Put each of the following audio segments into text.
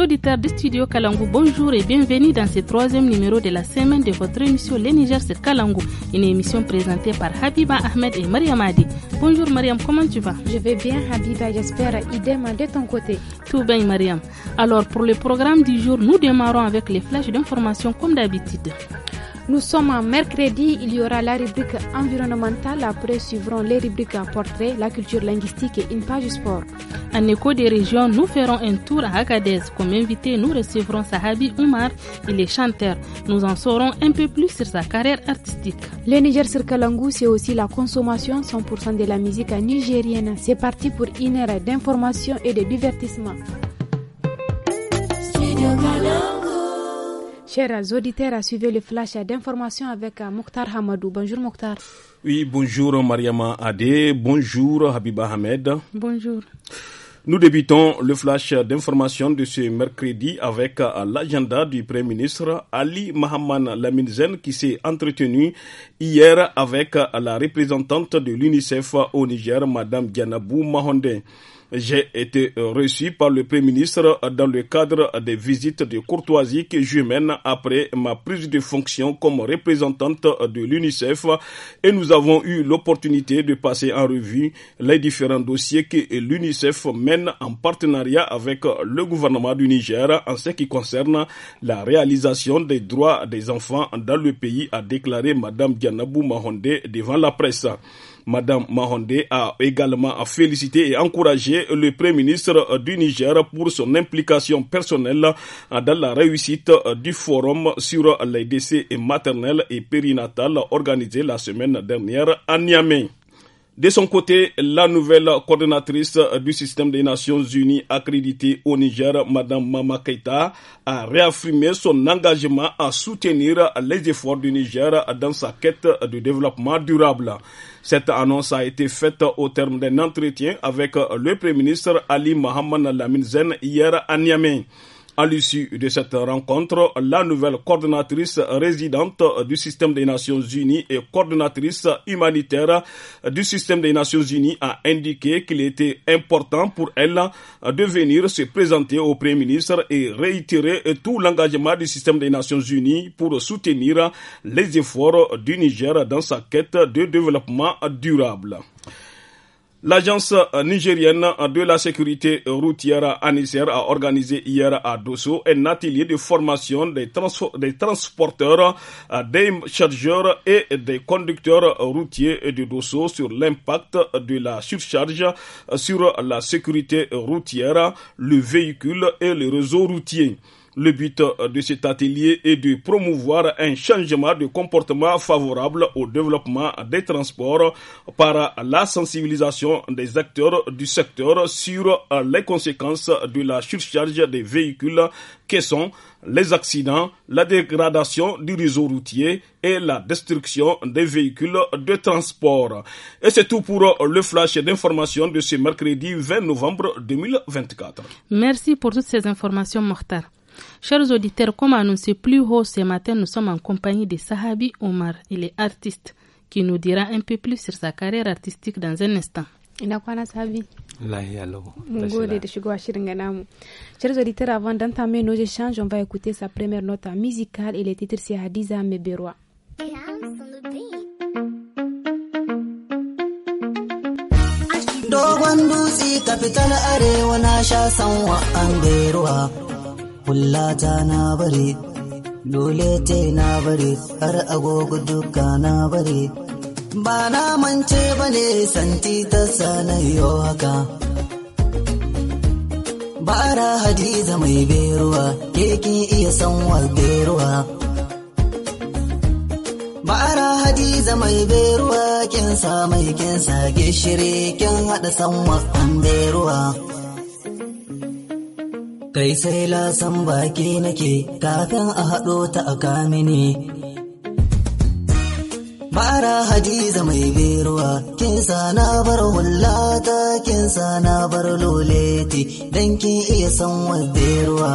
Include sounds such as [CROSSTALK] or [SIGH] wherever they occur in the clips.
auditeurs de studio Kalangou, bonjour et bienvenue dans ce troisième numéro de la semaine de votre émission Les Niger c'est Kalangou. une émission présentée par Habiba Ahmed et Mariam Adi. Bonjour Mariam, comment tu vas Je vais bien Habiba, j'espère idem de ton côté. Tout bien Mariam. Alors pour le programme du jour, nous démarrons avec les flashs d'information comme d'habitude. Nous sommes en mercredi, il y aura la rubrique environnementale, après suivront les rubriques portrait, la culture linguistique et une page sport. En écho des régions, nous ferons un tour à Agadez. Comme invité, nous recevrons Sahabi Oumar, il est chanteur. Nous en saurons un peu plus sur sa carrière artistique. Le Niger sur c'est aussi la consommation 100% de la musique nigérienne. C'est parti pour une heure d'information et de divertissement. Chers auditeurs, à suivre le flash d'information avec euh, Mokhtar Hamadou. Bonjour Mokhtar. Oui, bonjour Mariama Adé, bonjour Habiba Ahmed. Bonjour. Nous débutons le flash d'information de ce mercredi avec euh, l'agenda du Premier ministre Ali Mahaman Laminzen qui s'est entretenu hier avec euh, la représentante de l'UNICEF au Niger, Madame Dianabou Mahonde. J'ai été reçu par le Premier ministre dans le cadre des visites de courtoisie que je mène après ma prise de fonction comme représentante de l'UNICEF et nous avons eu l'opportunité de passer en revue les différents dossiers que l'UNICEF mène en partenariat avec le gouvernement du Niger en ce qui concerne la réalisation des droits des enfants dans le pays, a déclaré Madame Dianabou Mahonde devant la presse. Madame Mahonde a également félicité et encouragé le Premier ministre euh, du Niger pour son implication personnelle euh, dans la réussite euh, du forum sur les décès maternels et périnatales organisé la semaine dernière à Niamey. De son côté, la nouvelle coordonnatrice du système des Nations Unies accréditée au Niger, Madame Mama Keita, a réaffirmé son engagement à soutenir les efforts du Niger dans sa quête de développement durable. Cette annonce a été faite au terme d'un entretien avec le Premier ministre Ali Mohamed Lamine Zen hier à Niamey. À l'issue de cette rencontre, la nouvelle coordonnatrice résidente du système des Nations Unies et coordonnatrice humanitaire du système des Nations Unies a indiqué qu'il était important pour elle de venir se présenter au Premier ministre et réitérer tout l'engagement du système des Nations Unies pour soutenir les efforts du Niger dans sa quête de développement durable. L'agence euh, nigérienne euh, de la sécurité routière ANICER a organisé hier à Dosso un atelier de formation des, des transporteurs, euh, des chargeurs et des conducteurs routiers de Dosso sur l'impact de la surcharge sur la sécurité routière, le véhicule et le réseau routier. Le but euh, de cet atelier est de promouvoir un changement de comportement favorable au développement des transports par la sensibilisation des acteurs du secteur sur euh, les conséquences de la surcharge des véhicules que sont les accidents, la dégradation du réseau routier et la destruction des véhicules de transport. Et c'est tout pour euh, le flash d'information de ce mercredi 20 novembre 2024. Merci pour toutes ces informations, Mortar. Chers auditeurs, comme annoncé plus haut ce matin, nous sommes en compagnie de Sahabi Omar. Il est artiste qui nous dira un peu plus sur sa carrière artistique dans un instant. ina kwana chers auditeurs avant d'entamer nos échanges on va écouter sa première note musicale et le titre c'est Hadiza Meberwa Kullata na bari, lulete na bari, har agogo duka na bari. Ba na mance ba ne santi ta sanayo haka. Bara hadiza mai beruwa, ki iya sanwar beruwa. Bara hadiza mai beruwa, kin sa mai kin sa gishiri, kin haɗa sanwar an beruwa. kai sai lasan baki nake kafin a haɗo ta a kamini Mara hadiza mai beruwa, kinsa na bar Kin kinsa na bar loleti, don kin iya san ruwa.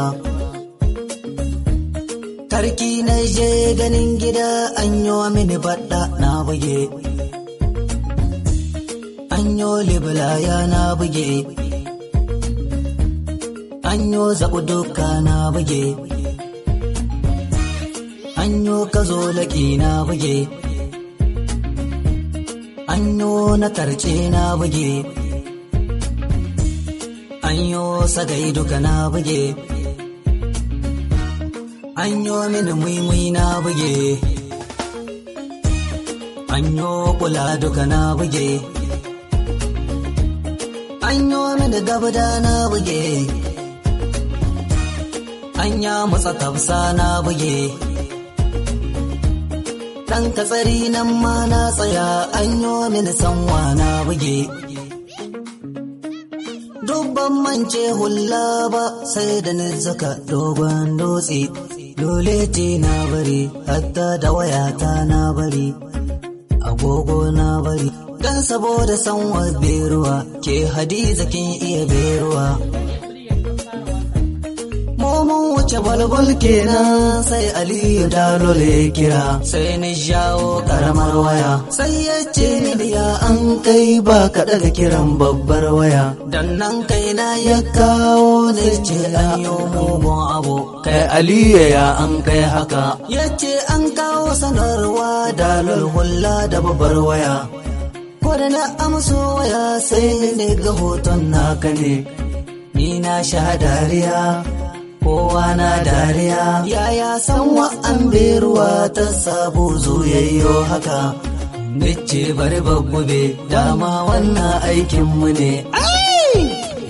Tarki na je ganin gida an yi mini baɗa na buge, an yi libla ya na buge. Anyo zaɓuduka na buge, anyo ka zo laƙi na buge, anyo na tarce na buge, anyo sagai duka na buge, anyo mini muimui na buge, anyo kula duka na buge, anyo mini gabda na buge. anya matsa tafsa na buge ɗan katsari nan ma na tsaya anyo mini sanwa na buge dubban mance hula ba sai da ni zaka dogon dutse dole ce na bari hatta da wayata na bari agogo na bari dan saboda sanwa beruwa ke hadiza kin iya beruwa mun wuce balbal kenan sai aliyu dalole kira sai ni jawo karamar waya sai ya ce ni ya an kai ba ka da kiran babbar waya dan nan kai na ya kawo ne, ce an yi mugun abu kai aliyu ya an kai haka ya ce an kawo sanarwa dalol hulla da babbar waya ko na amso waya sai ni ga hoton naka ne ni na sha dariya kowa na dariya yaya san wa'an beruwa ta sabo zuyayyo haka Nice bari babbube dama wannan aikinmu ne.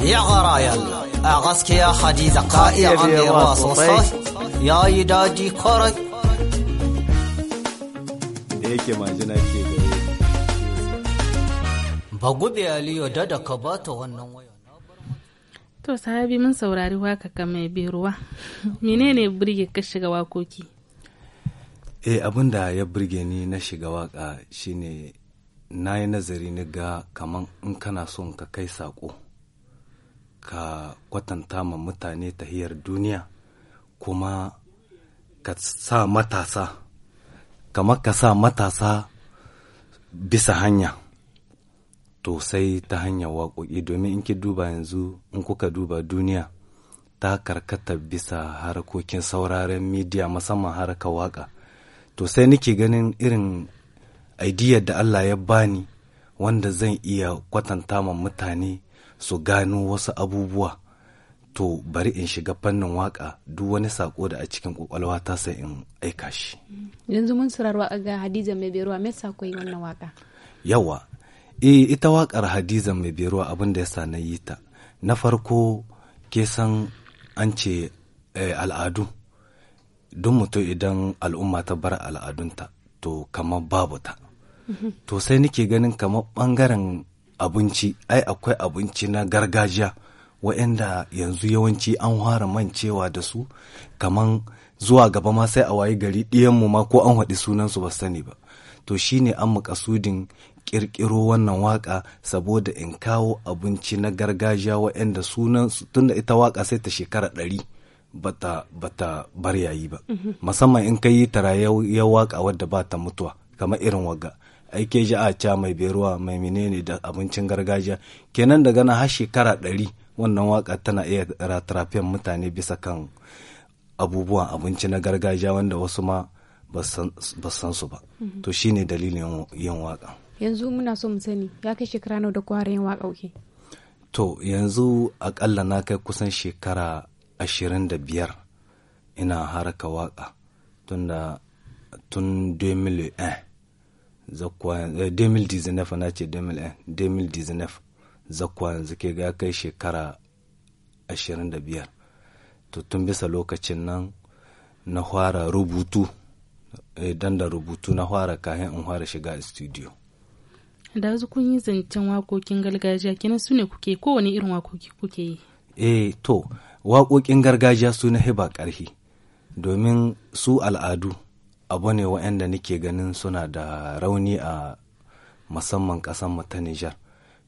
Ya rayal a gaskiya Hadiza ka'iya amewa sosai ya yi daji kwarai. Da yake majina ke gare. Bagube Aliyu da da ka bata wannan waya. To sahabi mun saurari waka ka mai ruwa. Menene burge ka shiga wakoki? Eh abin da ya burge ni na shiga waka shine na yi nazari ni ga kaman in kana son ka kai saƙo ka kwatanta ma mutane tahiyar duniya kuma ka sa matasa kamar ka sa matasa bisa hanya to sai ta hanyar waƙoƙi domin in ki duba yanzu in kuka duba duniya ta karkata bisa harkokin sauraren midiya musamman harkar waƙa to sai nake ganin irin aidiyar da Allah ya bani wanda zan iya kwatanta ma mutane su gano wasu abubuwa to bari in shiga fannin waka duk wani sako da a cikin kwakwalwa ta sai in aika shi yanzu mun saurari ga hadiza mai beruwa me sako yi wannan waka yawa eh ita waƙar hadiza mai beruwa abin da yasa sa na yi ta na farko ke san an ce eh, al'adu don mutum idan al'umma ta bar al'adunta to kamar babu ta to sai nake ganin kamar bangaren abinci ai akwai abinci na gargajiya waɗanda yanzu yawanci an fara mancewa da su kamar zuwa gaba ma sai a wayi gari ɗiyanmu ma ko an haɗi sunansu ba sani ba to shine an makasudin kirkiro wannan waƙa saboda in kawo abinci na gargajiya waɗanda sunan tunda ita waka sai ta shekara ɗari bata bata bar yayi ba mhm. musamman in kai yi tara ya waka wadda ba ta mutuwa kamar irin waga aike ji a ca mai beruwa mai menene da abincin gargajiya kenan da gana har shekara ɗari wannan waka tana iya ratarafen mutane bisa kan abubuwan abinci na gargajiya wanda wasu ma ba san su ba mhm. to shine dalilin yin waƙa yanzu muna so mu sani ya kai shekara nawa da kwara yin waƙauke to yanzu akalla na kai kusan shekara ashirin da biyar ina haraka waƙa tun da tun 2001 zakwa 2019 na ce 2001 2019 zakwa yanzu ke ga kai shekara ashirin da biyar to tun bisa lokacin nan na fara rubutu idan eh, da rubutu na fara kayan in fara shiga studio da zu kun yi zancen waƙoƙin gargajiya kenan su ne kuke kowane irin waƙoƙi kuke yi eh to waƙoƙin gargajiya su na hiba ƙarfi domin su al'adu abu ne waɗanda nake ganin suna da rauni a musamman ƙasar ta Nijar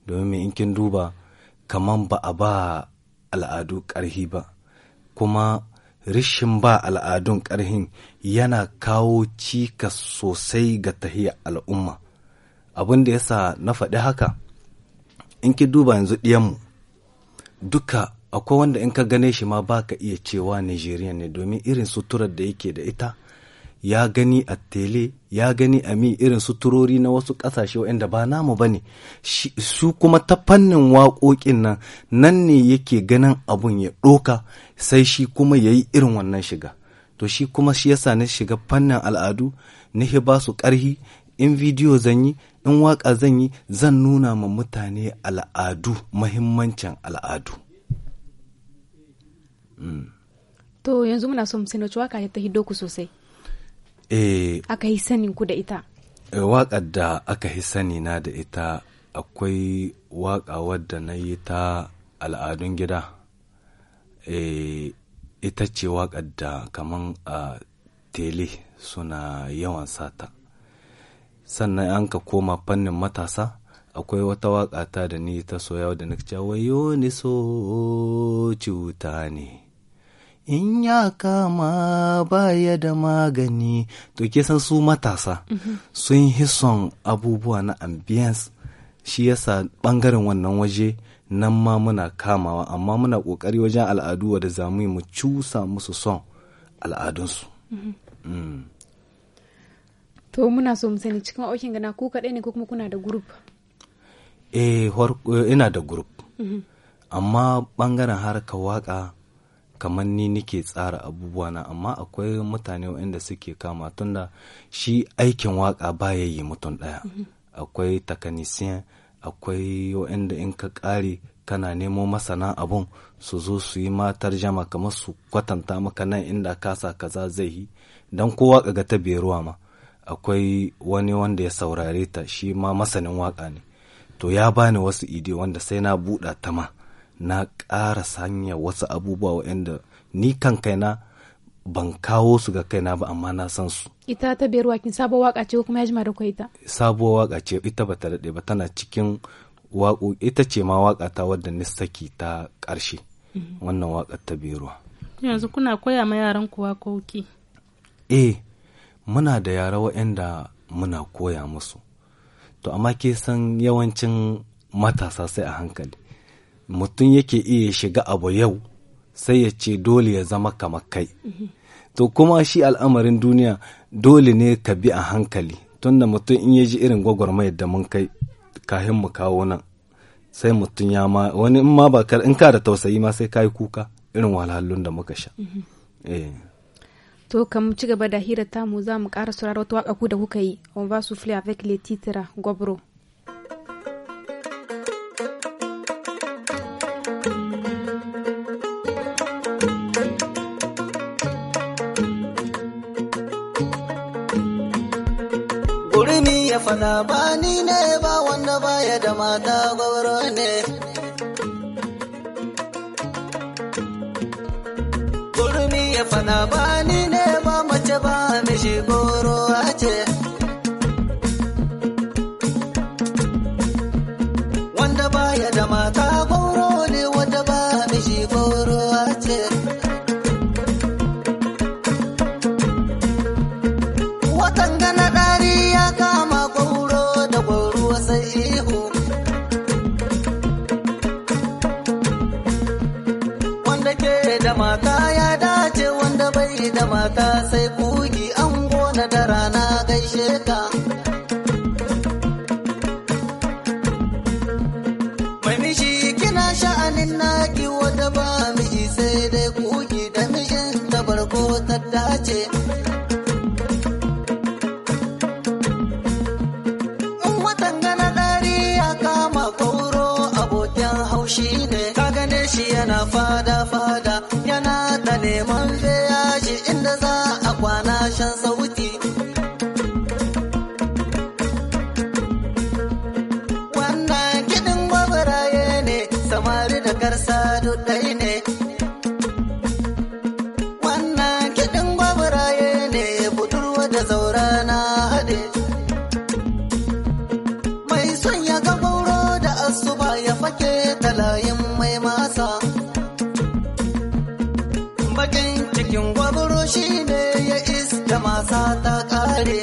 domin in kin duba kaman ba a ba al'adu ƙarfi ba kuma rishin ba al'adun ƙarhin yana kawo cikas sosai ga tahiyar al'umma abin da yasa na faɗi haka in ki duba yanzu ɗiyanmu duka akwai wanda in ka gane shi ma ba ka iya cewa nijeriya ne domin irin suturar da yake da ita ya gani a tele ya gani a mi irin suturori na wasu ƙasashe waɗanda ba namu ba ne su kuma ta fannin waƙoƙin nan nan ne yake ganin abun ya ɗoka sai shi kuma ya yi irin wannan shiga to shi kuma shi yasa na shiga fannin al'adu na ba su ƙarhi in bidiyo zan yi in waka zan yi zan nuna ma mutane al'adu mahimmancin al'adu mm. to yanzu muna son mu sani wacce waka ta hiddo ku sosai eh aka yi sanin ku da ita eh, da aka yi sani na da ita akwai waka wadda na yi ta al'adun gida e, ita ce waƙar da kaman a ah, tele suna yawan sata sannan an ka koma fannin matasa akwai wata waka ta da ni ta soya da na wayo ni so cuta ne in ya kama baya da magani to ke san su matasa sun yi hison abubuwa na ambience shi yasa bangaren wannan waje nan ma muna kamawa amma muna kokari wajen al'adu da zamu mu cusa musu son al'adunsu mm-hmm. mm. to muna so mu sani cikin aukin gana ku kaɗai ne ko kuma kuna da group eh, eh ina da group mhm. amma bangaren harkar waka kamar ni nike tsara abubuwa na amma akwai mutane waɗanda suke kama tunda shi aikin waka baya yi mutum ɗaya mhm. akwai takanisiyan akwai waɗanda in ka ƙare kana nemo masana abun su zo su yi matar jama kamar su kwatanta maka nan inda kasa kaza zai yi don kowa ga ta ruwa ma akwai wani wanda ya saurare ta shi ma masanin waka ne to ya bani wasu ide wanda sai na buɗa ta ma na ƙara sanya wasu abubuwa waɗanda ni kan kaina ban kawo su ga kaina ba amma na san su ita ta biyar wakin sabuwar waka ce kuma ya jima da kwai ita sabuwar waka ce ita ba ta daɗe ba tana cikin waƙo ita ce ma waka ta wadda ni saki ta ƙarshe mhm. wannan waka ta biyarwa yanzu kuna koya ma yaran ku waƙoƙi eh muna da yara waɗanda muna koya musu to amma ke san yawancin matasa sai a hankali mutum yake iya shiga abu yau sai ya ce dole ya zama kamar kai to kuma shi al'amarin duniya dole ne ka bi a hankali tunda mutum in ya ji irin gwagwarmayar da mun kai kahin mu kawo nan sai mutum ya ma wani in ma ba in ka da tausayi ma sai ka yi kuka irin wahalhalun da muka sha eh. To kam ci gaba da hira mu za mu ƙara sauraro wata waka ku da kuka yi on va souffler avec les titres gobro. Gurmi ya fada ba ni ne ba wanda baya da mata gobro ne. Gurmi ya ba ni goro ce. Wanda baya da mata goro ne wanda ba miji goro ce. Watan gana ɗari ya kama goro da goro sai ihu. Wanda ke da mata ya dace wanda bai da mata sai kuyi. fada-fada yana da neman shi inda za a kwana shan sauti. Wannan kiɗin gwabaraye ne samari da karsa duk wasa ta kare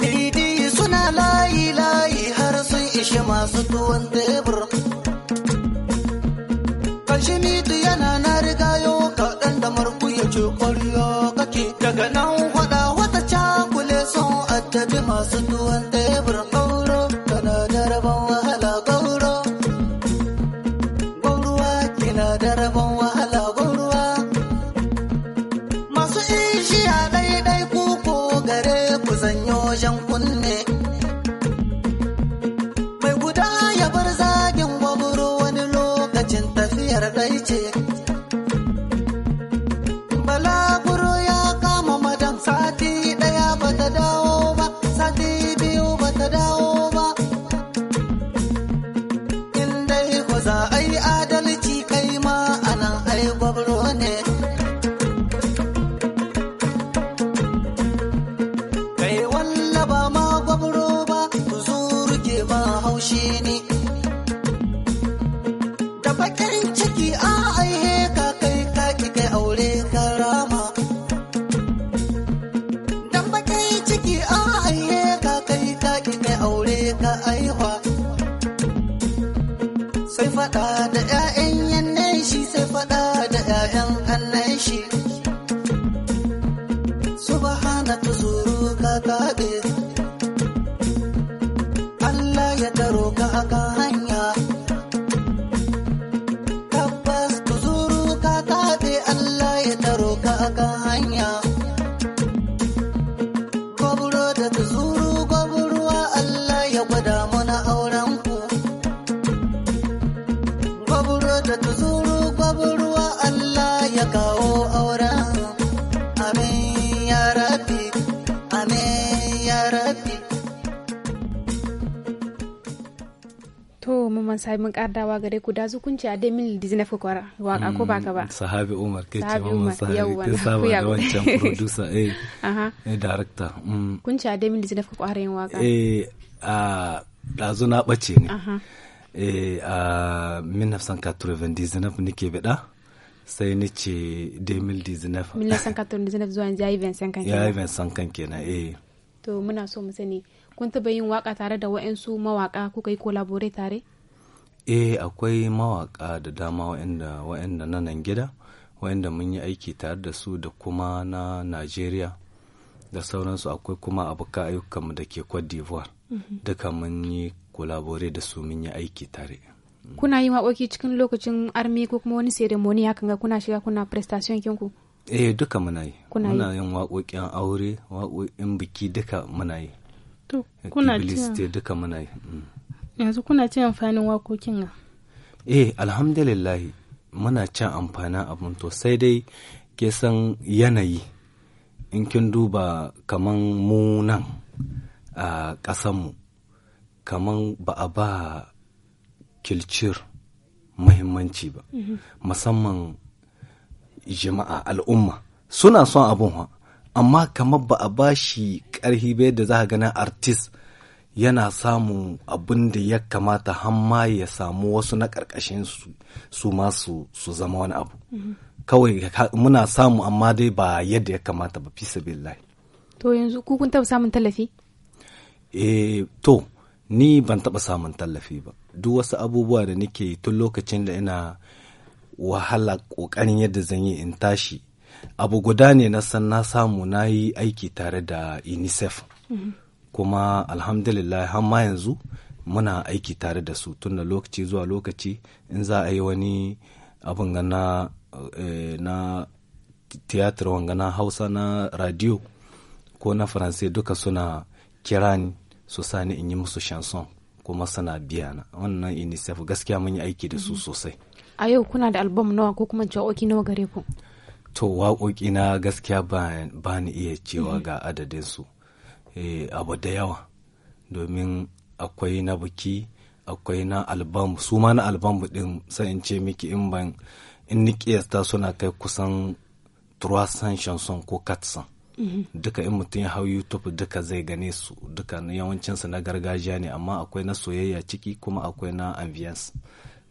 midi suna layi layi har sun ishi masu tuwon tebur karshe midi yana na riga yau kaɗan da marku ya ce kwaryo kake daga nan faɗa wata cakule sun attabi masu tuwon tebur Yeah. sahibi mun kardawa gare ku da zukunci a 2019 ku kwara waka ko ba ka ba mm, sahabi umar ke ce mamman sahabi ta saba da wancan producer eh, [LAUGHS] eh director mm. kun ci a 2019 ku kwara yin waka eh a dazu na bace ne eh a 1999 ke bida sai ni ce 2019 1999 zuwa yanzu yayi 25 kan yayi 25 kan kenan eh to muna so mu sani kun taba yin waka tare da wa'ansu mawaka kuka yi collaborate tare eh akwai mawaka da dama wa'anda wa'anda na nan gida wa'anda mun yi aiki tare da su da kuma na Najeriya da sauransu akwai kuma abokan ayyukanmu da ke Cote d'Ivoire mm-hmm. duka mun yi kulabore da su mun yi aiki tare mm. kuna yi waƙoƙi cikin lokacin armi ko kuma wani ceremony hakan ga kuna shiga kuna prestation kinku eh duka muna yi muna yin waƙoƙin aure waƙoƙin biki duka muna yi to kuna duka muna yi mm. yanzu kuna cin amfanin wakokin nan eh alhamdulillah muna cin amfanin abun to sai dai ke san yanayi in kin duba kaman mu nan a ƙasanmu kaman ba a ba kilcir muhimmanci ba mhm. musamman jama'a al'umma suna son abun amma kamar ba a ba shi ƙarfi ba yadda za a gana artist yana samun abin da ya kamata hamma ya samu wasu na ƙarƙashin su masu su zama wani abu kawai muna samu amma dai ba yadda ya kamata ba fisa billahi to yanzu kun taɓa samun tallafi eh to ni ban taɓa samun tallafi ba duk wasu abubuwa da nake tun lokacin da ina wahala ƙoƙarin yadda zan yi in tashi abu guda ne na san na samu na yi aiki tare da unicef mm-hmm. kuma alhamdulillah har ma yanzu muna aiki tare da su tun da lokaci zuwa lokaci in za a yi wani abin gana eh, na tiyatar wangana hausa na radio ko na faransai duka suna kira ni su sa in yi musu shanson kuma suna biya na wannan unicef gaskiya mun yi aiki da su mhm. sosai a yau kuna da album nawa ko kuma jawoki nawa gare ku to waƙoƙi na gaskiya ba ni iya cewa mhm. ga adadin Eh, abu da yawa domin akwai na biki akwai na albamu su ma na albamu din sai in ce miki in ban in ni kiyasta suna kai kusan 300 chanson ko 400 mhm. duka in mutum ya hau youtube duka zai gane su duka yawancinsu na gargajiya ne amma akwai na soyayya ciki kuma akwai na ambiance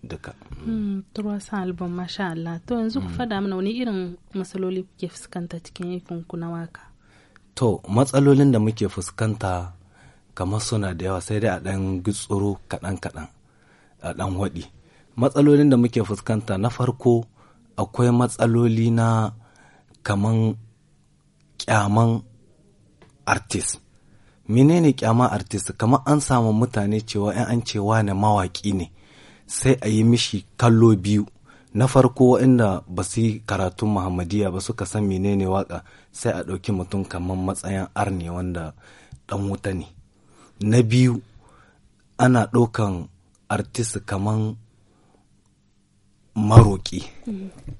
duka. Mm. Hmm, Turwasan album masha Allah. To yanzu ku mm. fada mana wani irin masaloli kuke fuskanta cikin yankin ku na waka? To matsalolin da muke fuskanta kamar suna da yawa sai dai a ɗan gitsuro kaɗan-kaɗan a ɗan waɗi. Matsalolin da muke fuskanta na farko akwai matsaloli na kaman kyaman artist. menene kyaman artist kamar an samu mutane cewa 'yan an cewa na mawaƙi ne sai a yi mishi kallo biyu na farko waɗanda ba su yi karatun Muhammadiyya ba suka san menene waƙa sai a ɗauki mutum kamar matsayin arne wanda ɗan wuta ne na biyu ana ɗaukan artist kamar maroƙi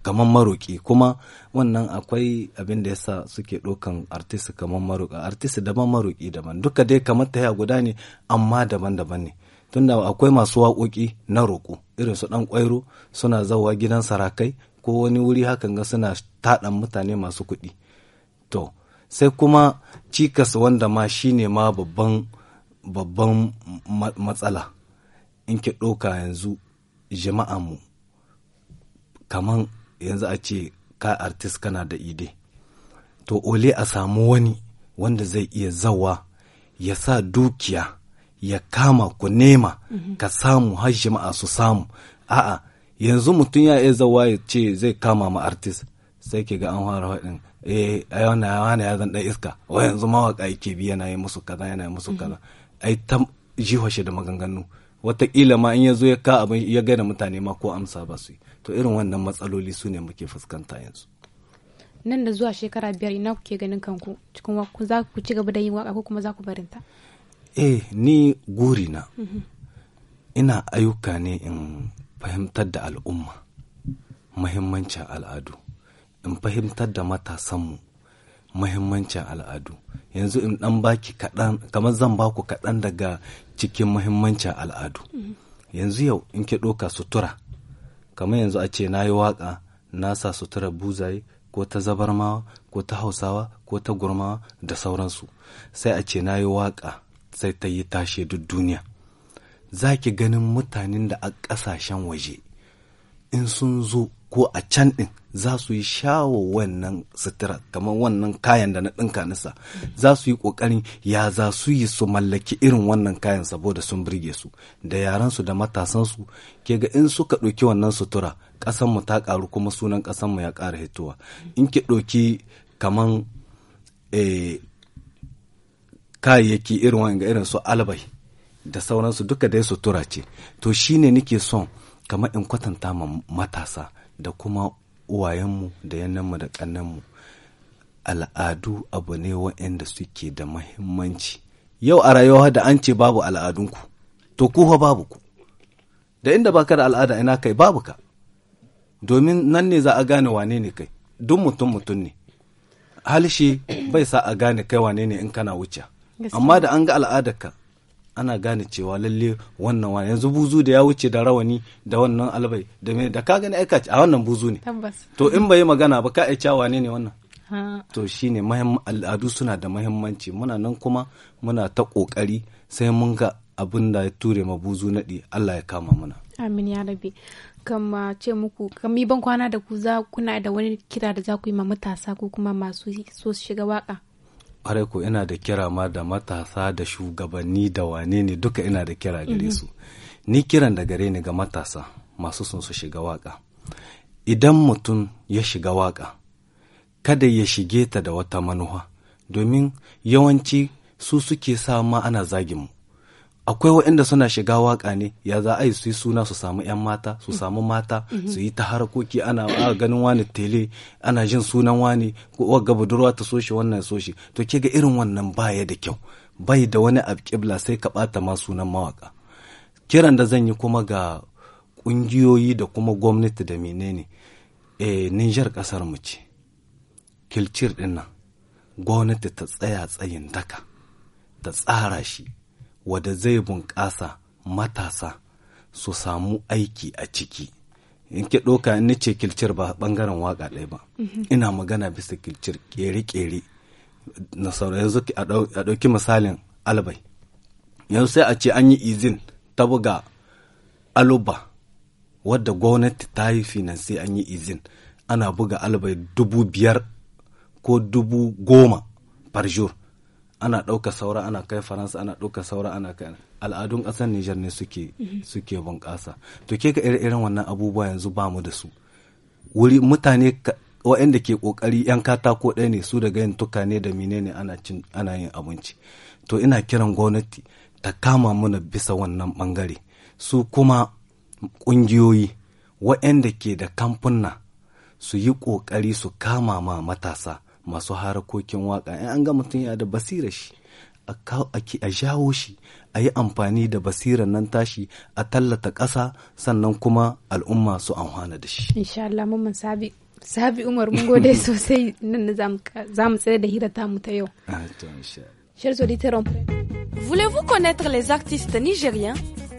kamar maroƙi kuma wannan akwai abin da yasa suke ɗaukan artist kamar maroƙi artist daban maroƙi daban duka dai kamar ta guda ne amma daban-daban ne tunda akwai masu waƙoƙi na roƙo irin su ɗan ƙwairo suna zawa gidan sarakai ko wani wuri hakan ga suna taɗan mutane masu kuɗi to sai kuma cikas wanda ma shine ma babban babban matsala in ki ɗauka yanzu jama'anmu kaman yanzu a ce ka artist kana da ide to ole a samu wani wanda zai iya zawa ya sa dukiya ya kama ku nema ka samu har jama'a su samu a'a yanzu mutum ya iya zawa ya ce zai kama ma artist sai ke ga an fara faɗin eh ai wannan ya zan dan iska wa yanzu mawaka yake biya na yi musu kaza yana yi musu kaza ai ta jiho shi da maganganu wataƙila ma in ya zo ya ka abin ya gaida mutane ma ko amsa ba su yi to irin wannan matsaloli su ne muke fuskanta yanzu nan da zuwa shekara biyar ina kuke ganin kanku cikin za ku ci gaba da yin waka ko kuma za ku barinta eh ni gurina ina ayyuka ne in fahimtar da al'umma mahimmancin al'adu in fahimtar da matasanmu mahimmancin al'adu yanzu in dan baki kaɗan kamar zan baku kaɗan daga cikin mahimmancin al'adu yanzu yau in ke ɗoka sutura kamar yanzu a ce na yi waƙa na sa sutura buzaye ko ta zabarmawa ko ta hausawa ko ta gurmawa da sauransu sai a ce na yi waƙa sai ta yi tashe duk duniya za ki ganin mutanen da a ƙasashen waje in sun zo ko a can ɗin za su yi shawo wannan sutura kamar wannan kayan da na ɗinka nasa za su yi ƙoƙarin ya za su yi su mallaki irin wannan kayan saboda sun birge su da yaransu da matasansu ke ga in suka ɗauki wannan sutura ƙasanmu ta ƙaru kuma sunan ƙasanmu ya ƙara hitowa in ki ɗauki kamar eh, kayayyaki irin wa'anga irin su albai da sauransu duka dai sutura ce to shine nake son kamar in kwatanta ma matasa da kuma uwayenmu da yannanmu da kannanmu al'adu abu ne wa'anda suke da mahimmanci yau a rayuwa da an ce babu al'adunku to kuwa babu ku da inda baka da al'ada ina kai babu ka domin nan ne za a gane wane ne kai duk mutum mutum ne shi bai sa a gane kai wane ne in kana wuce amma da an ga al'adarka ana gane cewa lalle wannan wani yanzu buzu da ya wuce da rawani da wannan albai da me da ka gani aika a wannan buzu ne to in bai magana ba ka aicha wane ne wannan to shine al'adu suna da mahimmanci muna nan kuma muna ta kokari sai mun ga abin da ya ture ma buzu naɗi Allah ya kama muna amin ya rabi kama ce muku kami ban kwana da ku za kuna da wani kira da za ku yi ma matasa ko kuma masu so shiga waka kwarai ko ina da kira ma da matasa da shugabanni da wane ne duka ina da kira gare mhm. su ni kiran da gare ni ga matasa masu sun su shiga waka idan mutum ya shiga waka kada ya shige ta da wata manuwa domin yawanci su suke sa ma ana zagin mu akwai waɗanda suna shiga waƙa ne ya za a yi su yi suna su samu 'yan mata su samu mata su yi ta harkoki ana ganin wani tele ana jin sunan wani ko ga budurwa ta soshi wannan soshi to ke ga irin wannan baya da kyau bai da wani abkibla sai ka ɓata ma sunan mawaka. kiran da zan yi kuma ga ƙungiyoyi da kuma gwamnati da menene eh ninjar ƙasar mu ce kilcir ɗin gwamnati ta tsaya tsayin daka ta tsara shi wadda zai bunƙasa matasa su samu aiki a ciki in ke ɗauka in ce kilcir ba ɓangaren waƙa ɗaya ba mhm. ina magana bisa kilcir ƙere-ƙere na yanzu a ɗauki misalin albai yanzu sai a ce an yi izin ta buga aluba wadda gwamnati ta yi finansi an yi izin ana buga albai dubu biyar ko dubu goma par jour ana ɗauka saura ana kai faransa ana ɗauka saura ana kai al'adun ƙasar nijar ne suke mhm. suke bunƙasa to ke ka irin wannan abubuwa yanzu ba mu da su wuri mutane waɗanda ke ƙoƙari 'yan katako ɗaya ne su daga yin tuka ne da mine ne cin ana yin abinci to ina kiran gwamnati ta kama mana bisa wannan ɓangare su kuma ƙungiyoyi waɗanda ke da kamfuna su yi ƙoƙari su kama ma matasa masu harakokin waka in an ga mutum yana da basira shi a jawo shi a yi amfani da basirar nan tashi a tallata ƙasa sannan kuma al'umma su amfana da shi. Insha Allah mun sabi sabi Umar mun gode [LAUGHS] sosai nan na da hira ta mu ta yau. Ah, voulez-vous connaître les artistes nigériens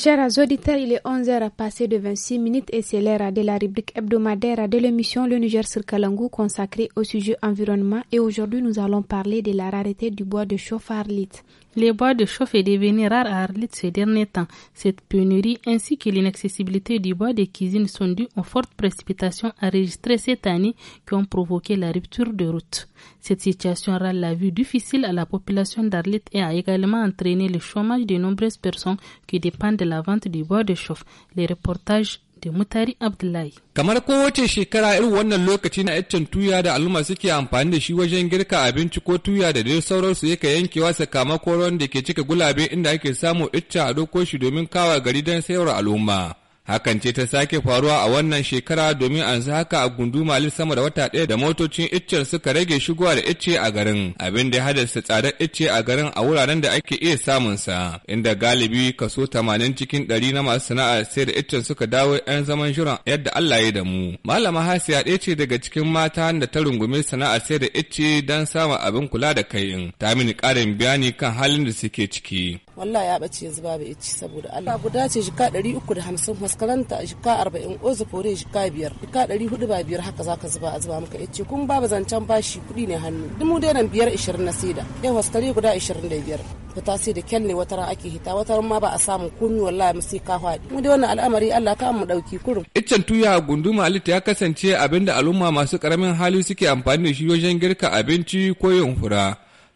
Chers auditeurs, il est 11h passer de 26 minutes et c'est l'heure de la rubrique hebdomadaire de l'émission Le Niger sur Kalangou consacrée au sujet environnement et aujourd'hui nous allons parler de la rareté du bois de litre les bois de chauffe est devenu rare à Arlit ces derniers temps. Cette pénurie ainsi que l'inaccessibilité du bois de cuisine sont dues aux fortes précipitations enregistrées cette année qui ont provoqué la rupture de route. Cette situation rend la vie difficile à la population d'Arlit et a également entraîné le chômage de nombreuses personnes qui dépendent de la vente du bois de chauffe. Les reportages da mutari abdullahi kamar kowace shekara irin wannan lokaci na yaccan tuya da al'umma suke amfani da shi wajen girka abinci ko tuya da dai sauransu yake yankewa sakamakon da ke cika gulabe inda ake samu icca a doko shi domin kawa gari don sayarwa al'umma Hakan ce ta sake faruwa a wannan shekara domin an haka a gunduma sama da wata ɗaya da motocin iccen suka rage shigowa da icce a garin abin da ya haddasa tsadar icce a garin a wuraren da ake iya samun sa inda galibi kaso tamanin cikin ɗari na masu sana'a sai da iccen suka dawo 'yan zaman shirin yadda Allah ya da mu. Malama Hasiya ɗaya ce daga cikin mata da ta rungume sana'a sai da icce don samun abin kula da kai in ta mini ƙarin bayani kan halin da suke ciki. wallah ya bace yanzu babu ici saboda Allah guda ce jika 350 maskaranta jika 40 ozu fore jika biyar jika 400 ba biyar haka zaka zuba a zuba maka ici kun babu zancen bashi kudi ne hannu dumu dai nan biyar 20 na saida yau waskare guda 25 fita sai da kyan ne wata ran ake hita wata ran ma ba a samu komi wallahi mu sai ka faɗi mu dai wannan al'amari Allah ka mu dauki kurum iccen tuya gunduma alita ya kasance abinda al'umma masu karamin hali suke amfani da shi wajen girka abinci ko yin fura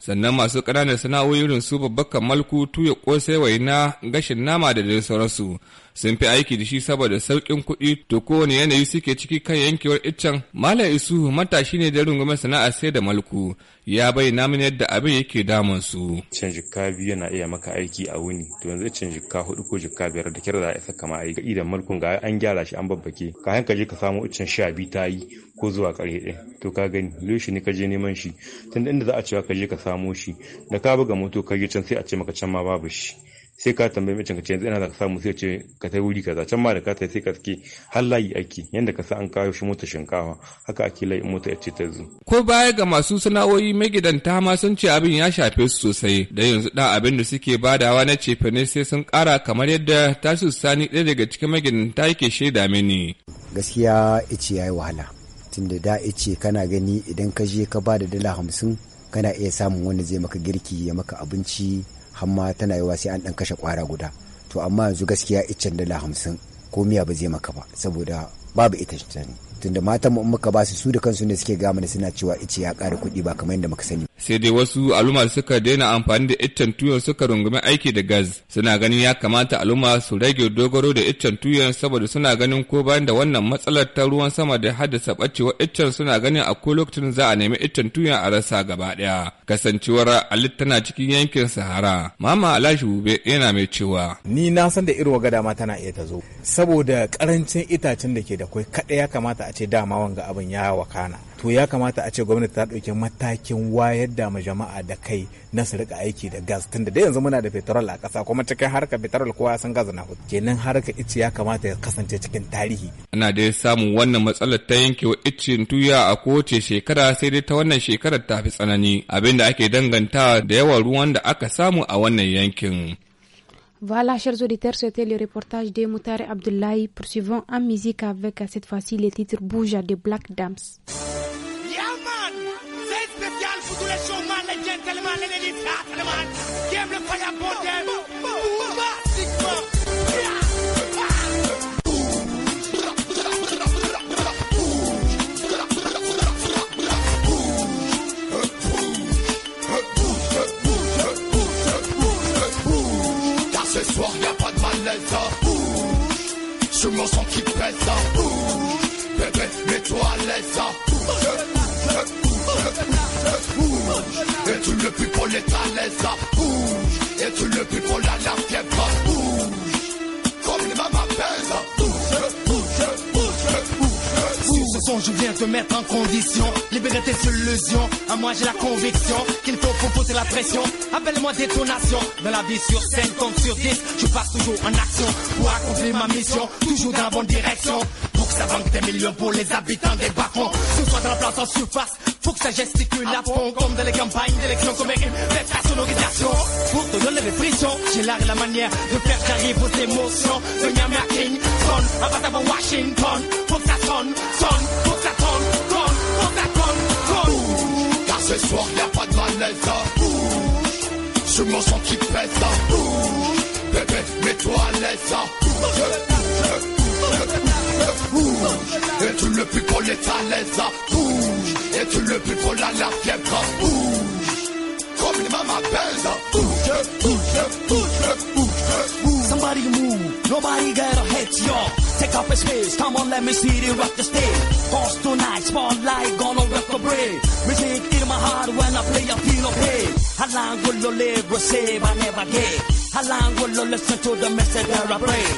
sannan masu ƙananan sana'o'i irin su babbar kamalku tuya ƙosai waina gashin nama da dai sauransu sun fi aiki da shi saboda sauƙin kuɗi to kowane yanayi suke ciki kan yankewar iccen malam Isu matashi ne da rungumar sana'a sai da malku ya bai mini yadda abin yake damun su can jikka biyu yana iya maka aiki a wuni to yanzu can jikka hudu ko jikka biyar da kyar za a isa kama aiki idan malkun ga an gyara shi an babbake ka hanka je ka samu iccen sha biyu ta yi ko zuwa ƙarhe ɗaya to ka gani loshi ne ka je neman shi tun inda za a cewa ka je ka samo shi da ka buga moto ka je can sai a ce maka can ma babu shi sai ka tambayi mai ka ce yanzu ina da ka samu sai ce ka tai wuri kaza can ma da ka tai sai ka ke har layi ake yanda ka sa an kawo shi mota shinkawa haka ake layi mota ya ce ta zu. ko baya ga masu sana'o'i magidanta ma sun ce abin ya shafe su sosai da yanzu da abin da suke badawa na cefane sai sun kara kamar yadda tasu sani ɗaya daga cikin magidanta yake shaida mini. gaskiya ice ya yi wahala tunda da ice kana gani idan ka je ka ba da dala hamsin kana iya samun wanda zai maka girki ya maka abinci hamma tana yiwa sai an dan kashe kwara guda to amma yanzu gaskiya iccen dala hamsin ko miya ba zai maka ba saboda babu ita tunda matan mu muka ba su su da kansu ne suke gama suna cewa ice ya kara kuɗi ba kamar yadda muka sani sai dai wasu al'umma suka daina amfani da iccen tuyon suka rungumi aiki da gas suna ganin ya kamata al'umma su rage dogaro da iccen tuyon saboda suna ganin ko bayan da wannan matsalar ta ruwan sama da haddasa bacewa iccen suna ganin a ko lokacin za a nemi iccen tuyon a rasa gaba daya kasancewar alit tana cikin yankin sahara mama alashi ube yana mai cewa ni na san da irwa gada ma tana iya ta zo saboda karancin itacen da ke da kwai kada ya kamata a ce dama wanga abin ya wakana to ya kamata a ce gwamnati ta ɗauki matakin wayar da jama'a da kai na su rika aiki da gas tunda da yanzu muna da fetrol a kasa kuma cikin harkar fetrol kowa san gas na hutu kenan harka ice ya kamata ya kasance cikin tarihi ana dai samun wannan matsalar ta yankewa ice tuya a kowace shekara sai dai ta wannan shekarar ta fi tsanani abinda ake danganta da yawan ruwan da aka samu a wannan yankin Voilà, chers auditeurs, c'était le reportage de Moutare Abdoulaye. Poursuivons en musique avec cette fois-ci le titre Bouge de Black Dams. je m'en qui pèse bébé, mets-toi à l'aise bouge, et tu le plus pour les et tu le plus pour la je viens te mettre en condition. Libérer tes illusions. À moi, j'ai la conviction qu'il faut proposer la pression. Appelle-moi détonation. Dans la vie sur scène, comme sur 10, je passe toujours en action. Pour accomplir ma mission, toujours dans la bonne direction. Pour que ça vende des millions pour les habitants des bas-fonds. Ce soit dans la place en surface. Faut que ça gesticule à fond, comme dans les campagnes d'élection, comme avec une sonorisation. Pour te donner les frissons, j'ai l'art et la manière de faire j'arrive aux émotions. Sonia King, son, à Washington tonne, tonne, faut que ça tonne, tonne, faut que ça tonne, tonne. Bouge, car ce soir y a pas de malaise, bouge, hein. je mon sang qui pèse, bouge, hein. bébé, mets-toi à l'aise, bouge, hein. bouge, bouge, bouge, et tu le plus qu'on est l'aise, bouge, et tu le plus qu'on a la fièvre, bouge, comme les mamans pèsent, bouge, bouge, bouge, bouge, bouge. Somebody move, nobody got a head, y'all. top is space. Come on, let me see you rock the stage. Cause tonight, spotlight, gonna a break. We Music in my heart when I play, I feel no pain. How long will you live or save? I never get. How long will you listen to the message that I bring?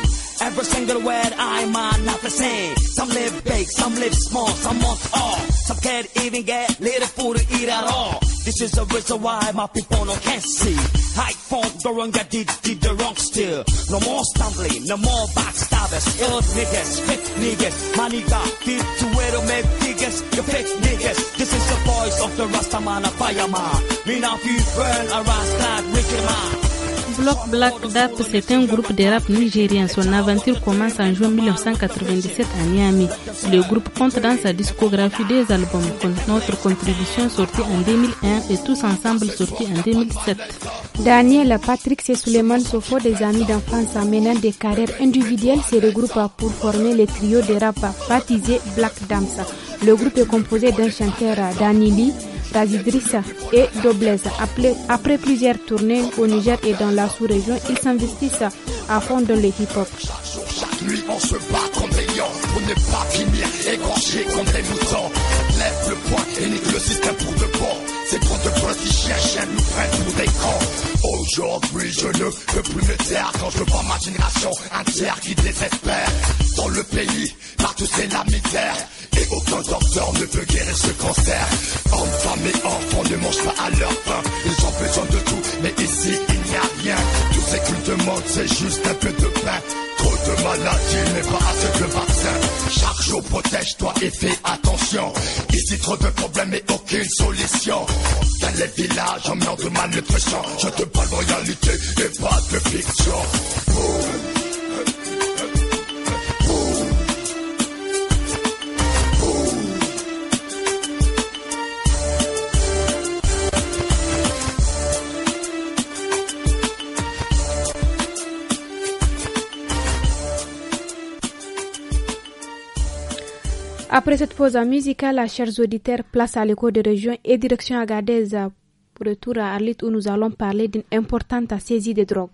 Every single word I might not the same. Some live big, some live small, some want all. Some can't even get little food to eat at all. This is the reason why my people no can see. I found the wrong guy, did, did the wrong still. No more stumbling, no more backstabbers. Ill niggas, fake niggas, money got deep to where to make niggas, you fake niggas. This is the voice of the Rastaman, a fireman. Me now, you burn a Rasta, wicked man. Bloc Black Dap, c'est un groupe de rap nigérien. Son aventure commence en juin 1997 à Miami. Le groupe compte dans sa discographie des albums Notre contribution sortie en 2001 et Tous ensemble sorti en 2007. Daniel, Patrick et Suleiman Sofo, des amis d'enfance amenant des carrières individuelles, se regroupent pour former le trio de rap baptisé Black Damsa. Le groupe est composé d'un chanteur, Danili, Razidrissa et Doblez. Après, après plusieurs tournées au Niger et dans la sous-région, ils s'investissent à fond dans le hip-hop. Chaque nuit on se bat contre les lions pour ne pas finir égorgés contre les moutons. Lève le poing et nique le système pour de bon. C'est pour de qui cherchent à nous prendre pour des cons. Aujourd'hui, je ne peux plus me taire quand je vois ma génération entière qui désespère. Dans le pays, partout c'est la misère. Et aucun docteur ne peut guérir ce cancer. Hommes, femmes et enfants ne mangent pas à leur pain. Ils ont besoin de tout, mais ici, il n'y a rien. Tout ce qu'ils demandent, c'est juste un peu protège-toi et fais attention. Ici trop de problèmes et aucune solution. Dans les villages, on met en demande le Je te parle de réalité et pas de fiction. Après cette pause musicale, chers auditeurs, place à l'écho de région et direction Agadez pour retour à Arlit où nous allons parler d'une importante saisie de drogue.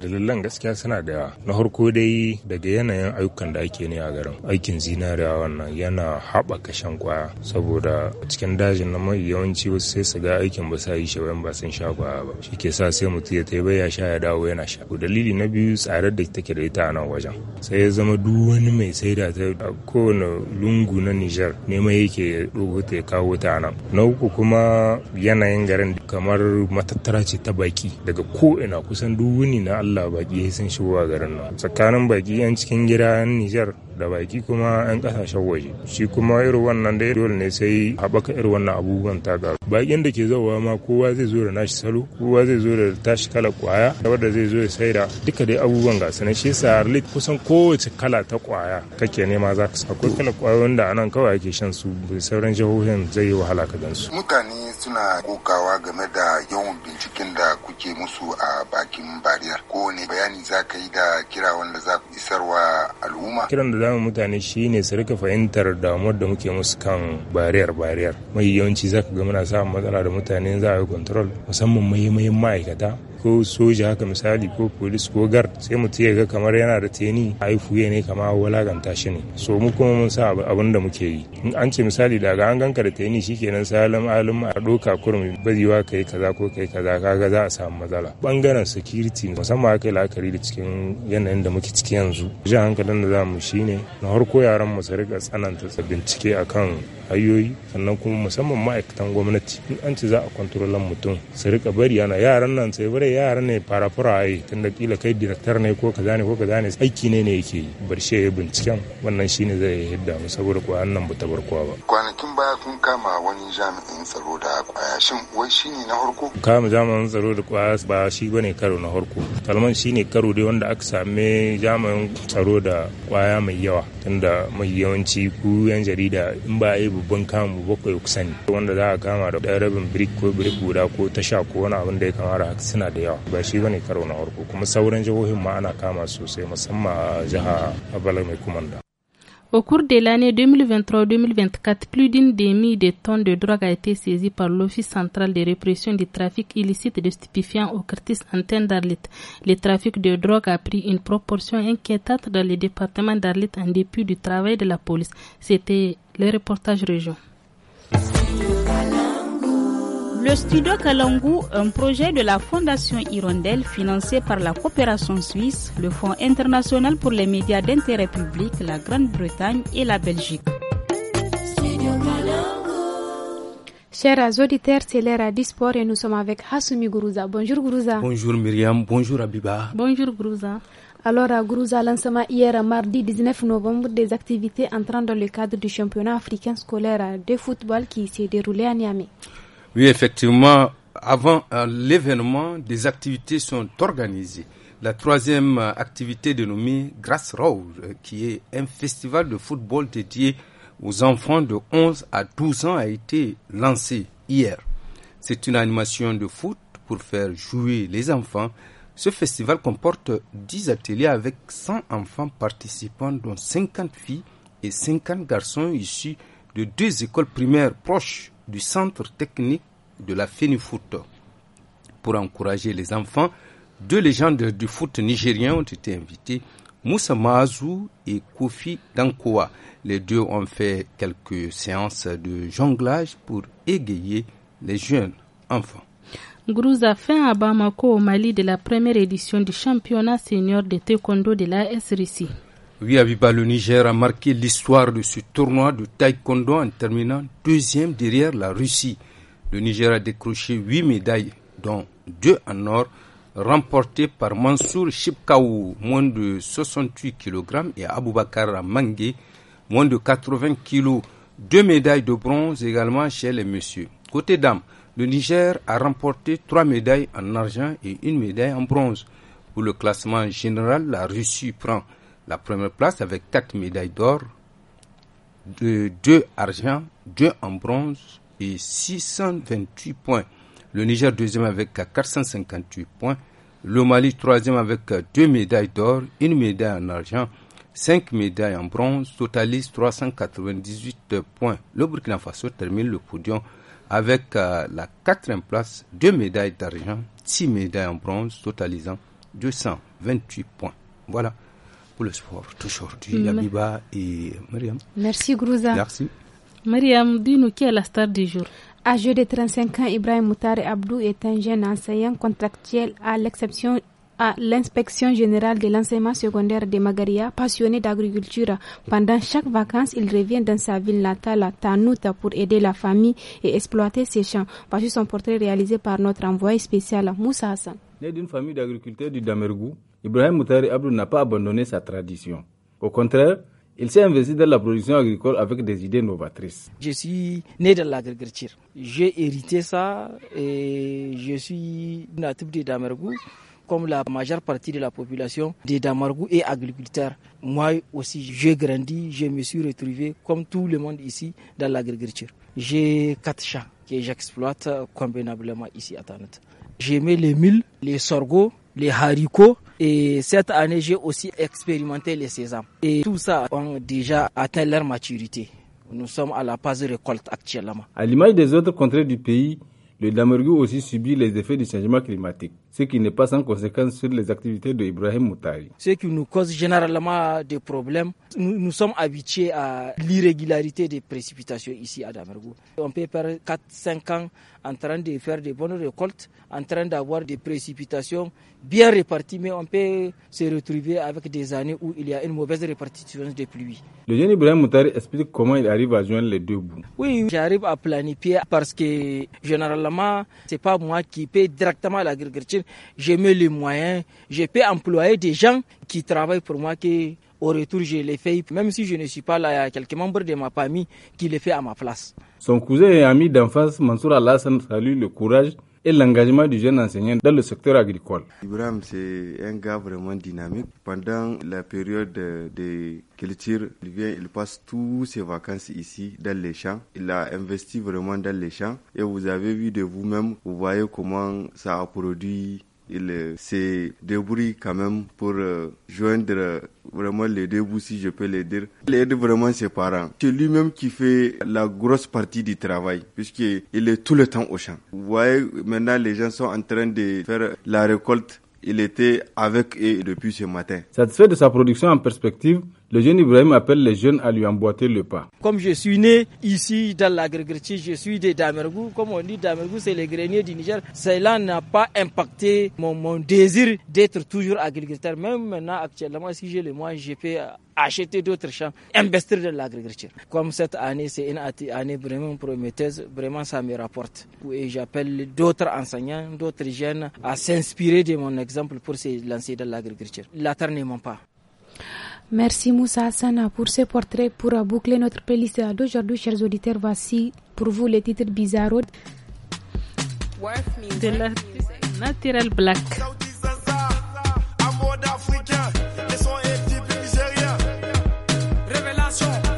Dalilan gaskiya suna da yawa. Na farko dai daga yanayin ayyukan da ake ne a garin. Aikin zinariya wannan yana haɓaka shan kwaya saboda cikin dajin na mai yawanci wasu sai su ga aikin ba sa yi shi ba sun sha kwaya ba. Shi ke sa sai mutum ya tai ya sha ya dawo yana sha. Dalili na biyu tsarar da take da ita a nan wajen. Sai ya zama duk wani mai saida ta a kowane lungu na Nijar neman yake ya ta ya kawo ta nan. Na uku kuma yanayin garin kamar matattara ce ta baki daga ko ina kusan duk wuni na Allah baki sun shigo a garin nan tsakanin baki yan cikin gida yan Nijar da baki kuma 'yan kasashen waje shi kuma irin wannan dai dole ne sai haɓaka irin wannan abubuwan ta ga bakin da ke zauwa ma kowa zai zo da nashi salo kowa zai zo da tashi kala kwaya wanda zai zo ya saida duka dai abubuwan ga sanan shi sa harlit kusan kowace kala ta kwaya kake nema za ka sa kala kwayoyin da anan kawai ake shan su sauran jihohin zai yi wahala ka gansu mutane suna kokawa game da yawan binciken da kuke musu a bakin bariyar kowane bayani za ka yi da kira wanda za ku isarwa al'umma kiran da gaya mutane shi ne su rika fahimtar damuwar da muke musu kan bariyar bariyar mai yawanci zaka ga muna samun matsala da mutane za a yi control musamman mahimmayin ma'aikata ko soja haka misali ko polis ko gar sai mutum ya ga kamar yana da teni a yi fuye ne kama wulaganta shi ne so mu kuma mun sa abin da muke yi in an ce misali daga an ganka da teni shikenan salam alim a doka kurmi baziwa kai kaza ko kai kaza kaga za a samu matsala bangaren security musamman aka yi la'akari da cikin yanayin da muke ciki yanzu jan hankalin da za mu shine na harko yaran mu su rika tsananta bincike akan hanyoyi sannan kuma musamman ma'aikatan gwamnati in an ce za a kwantarolan mutum su rika bari ana yaran nan sai bare yaran ne fara fara tunda kila kai diraktar ne ko kaza ne ko kaza ne aiki ne ne yake yi shi ya binciken wannan shine zai yi hidda mu saboda ko annan bata tabarkuwa ba kwanakin baya kun kama wani jami'in tsaro da kwaya shin wai shine na harko kama jami'in tsaro da kwaya ba shi bane karo na harko kalman shine karo dai wanda aka same jami'in tsaro da kwaya mai yawa tunda mai yawanci ku yan jarida in ba a dubban kamu bakwai ku sani wanda za a kama da ɗaya rabin birik ko birik guda ko ta sha ko wani abin da ya kamata haka suna da yawa ba shi bane karo na farko kuma sauran jihohin ma ana kama sosai musamman a jiha abala mai kumanda Au cours de l'année 2023-2024, plus d'une demi de tonnes de drogue a été saisie par l'Office central de répression du trafic illicite de stupéfiants au quartier antenne d'Arlit. Le trafic de drogue a pris une proportion inquiétante dans le département d'Arlit en dépit du travail de la police. C'était le reportage région. Le studio Kalangu, un projet de la Fondation Hirondelle financé par la coopération suisse, le Fonds international pour les médias d'intérêt public, la Grande-Bretagne et la Belgique. Chers auditeurs, c'est l'ère à Disport et nous sommes avec Hassoumi Gourouza. Bonjour Gourouza. Bonjour Myriam, bonjour Abiba. Bonjour Gourouza. Alors, à Gourouza, lancement hier mardi 19 novembre des activités entrant dans le cadre du championnat africain scolaire de football qui s'est déroulé à Niamey. Oui, effectivement, avant euh, l'événement, des activités sont organisées. La troisième euh, activité dénommée Grass Road, euh, qui est un festival de football dédié aux enfants de 11 à 12 ans, a été lancée hier. C'est une animation de foot pour faire jouer les enfants. Ce festival comporte 10 ateliers avec 100 enfants participants, dont 50 filles et 50 garçons issus de deux écoles primaires proches du centre technique de la FENIFOOT pour encourager les enfants. Deux légendes du foot nigérien ont été invitées, Moussa Mazou et Kofi Dankoa. Les deux ont fait quelques séances de jonglage pour égayer les jeunes enfants. Grouza fin à Bamako au Mali de la première édition du championnat senior de taekwondo de la SRC. Oui, Abiba, le Niger a marqué l'histoire de ce tournoi de taekwondo en terminant deuxième derrière la Russie. Le Niger a décroché huit médailles, dont deux en or, remportées par Mansour Shipkaou, moins de 68 kg, et Aboubakar Mangue, moins de 80 kg. Deux médailles de bronze également chez les messieurs. Côté dames, le Niger a remporté trois médailles en argent et une médaille en bronze. Pour le classement général, la Russie prend la première place avec quatre médailles d'or, 2 deux argent, 2 en bronze et 628 points. Le Niger deuxième avec 458 points. Le Mali troisième avec deux médailles d'or, une médaille en argent, 5 médailles en bronze, totalise 398 points. Le Burkina Faso termine le podium avec euh, la quatrième place, deux médailles d'argent, six médailles en bronze, totalisant 228 points. Voilà pour le sport aujourd'hui, Yabiba et Mariam. Merci Grouza. Merci. Mariam, dis-nous qui est la star du jour Âgé de 35 ans, Ibrahim Moutaré Abdou est un jeune enseignant contractuel à l'exception à l'inspection générale de l'enseignement secondaire de Magaria, passionné d'agriculture. Pendant chaque vacances, il revient dans sa ville natale, Tanouta, pour aider la famille et exploiter ses champs. Voici son portrait réalisé par notre envoyé spécial, Moussa Hassan. Né d'une famille d'agriculteurs du Damergou, Ibrahim Moutari Abdou n'a pas abandonné sa tradition. Au contraire, il s'est investi dans la production agricole avec des idées novatrices. Je suis né dans l'agriculture. J'ai hérité ça et je suis natif de Damergou. Comme la majeure partie de la population de Damargou est agriculteur, moi aussi j'ai grandi, je me suis retrouvé comme tout le monde ici dans l'agriculture. J'ai quatre champs que j'exploite convenablement ici à Tarnet. J'ai les mules, les sorgho, les haricots, et cette année, j'ai aussi expérimenté les sésames. Et tout ça ont déjà atteint leur maturité. Nous sommes à la phase récolte actuellement. À l'image des autres contrées du pays, le Damergue aussi subit les effets du changement climatique ce qui n'est pas sans conséquence sur les activités de Ibrahim Moutari. Ce qui nous cause généralement des problèmes, nous, sommes habitués à l'irrégularité des précipitations ici à Damergou. On peut perdre 4-5 ans en train de faire des bonnes récoltes, en train d'avoir des précipitations bien réparties, mais on peut se retrouver avec des années où il y a une mauvaise répartition des pluies. Le jeune Ibrahim Moutari explique comment il arrive à joindre les deux bouts. Oui, j'arrive à planifier parce que généralement, ce n'est pas moi qui paye directement l'agriculture j'aime je les moyens, je peux employer des gens qui travaillent pour moi, qui au retour je les fais, même si je ne suis pas là, il y a quelques membres de ma famille qui les fait à ma place. Son cousin et ami d'enfance, Mansour Alassane, salue le courage et l'engagement du jeune enseignant dans le secteur agricole. Ibrahim, c'est un gars vraiment dynamique. Pendant la période de culture, il vient, il passe toutes ses vacances ici, dans les champs. Il a investi vraiment dans les champs. Et vous avez vu de vous-même, vous voyez comment ça a produit il euh, s'est débrouillé quand même pour euh, joindre euh, vraiment les deux bouts, si je peux le dire. Il aide vraiment ses parents. C'est lui-même qui fait la grosse partie du travail, puisqu'il est tout le temps au champ. Vous voyez, maintenant, les gens sont en train de faire la récolte. Il était avec eux depuis ce matin. Satisfait de sa production en perspective, le jeune Ibrahim appelle les jeunes à lui emboîter le pas. Comme je suis né ici dans l'agriculture, je suis de Damergou. Comme on dit, Damergou, c'est les greniers du Niger. Cela n'a pas impacté mon, mon désir d'être toujours agriculteur. Même maintenant, actuellement, si j'ai le moyen, je peux acheter d'autres champs, investir dans l'agriculture. Comme cette année, c'est une année vraiment prometteuse, vraiment ça me rapporte. Et j'appelle d'autres enseignants, d'autres jeunes à s'inspirer de mon exemple pour se lancer dans l'agriculture. La terre ne ment pas. Merci Moussa Hassana pour ce portrait. Pour boucler notre playlist d'aujourd'hui, chers auditeurs, voici pour vous les titres bizarres de la Natural Black. Révélation.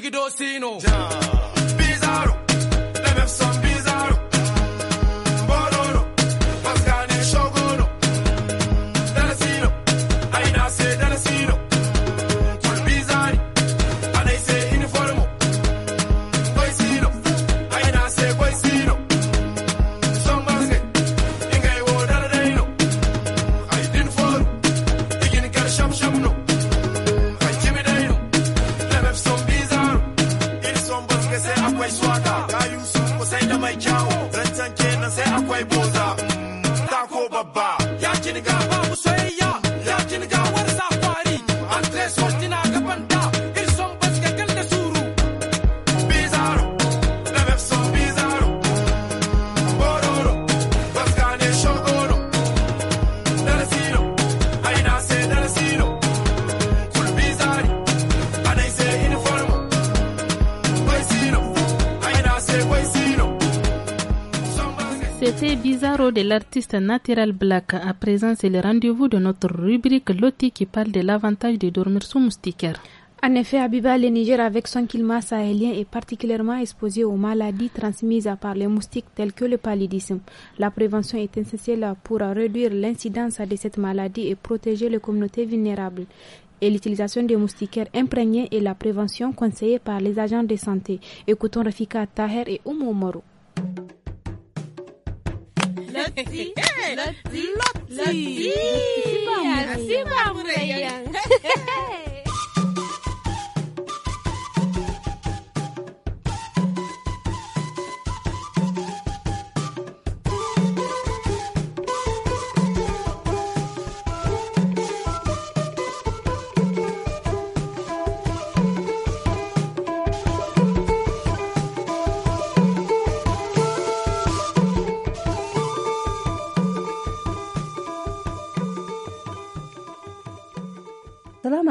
Biggie Dorsino. Yeah. Bizarro, they have some l'artiste Natural Black. À présent, c'est le rendez-vous de notre rubrique Loti qui parle de l'avantage de dormir sous moustiquaire. En effet, Abiba, le Niger, avec son climat sahélien, est particulièrement exposé aux maladies transmises par les moustiques telles que le paludisme. La prévention est essentielle pour réduire l'incidence de cette maladie et protéger les communautés vulnérables et l'utilisation des moustiquaires imprégnés est la prévention conseillée par les agents de santé. Écoutons Rafika Taher et Oumou Moro. loti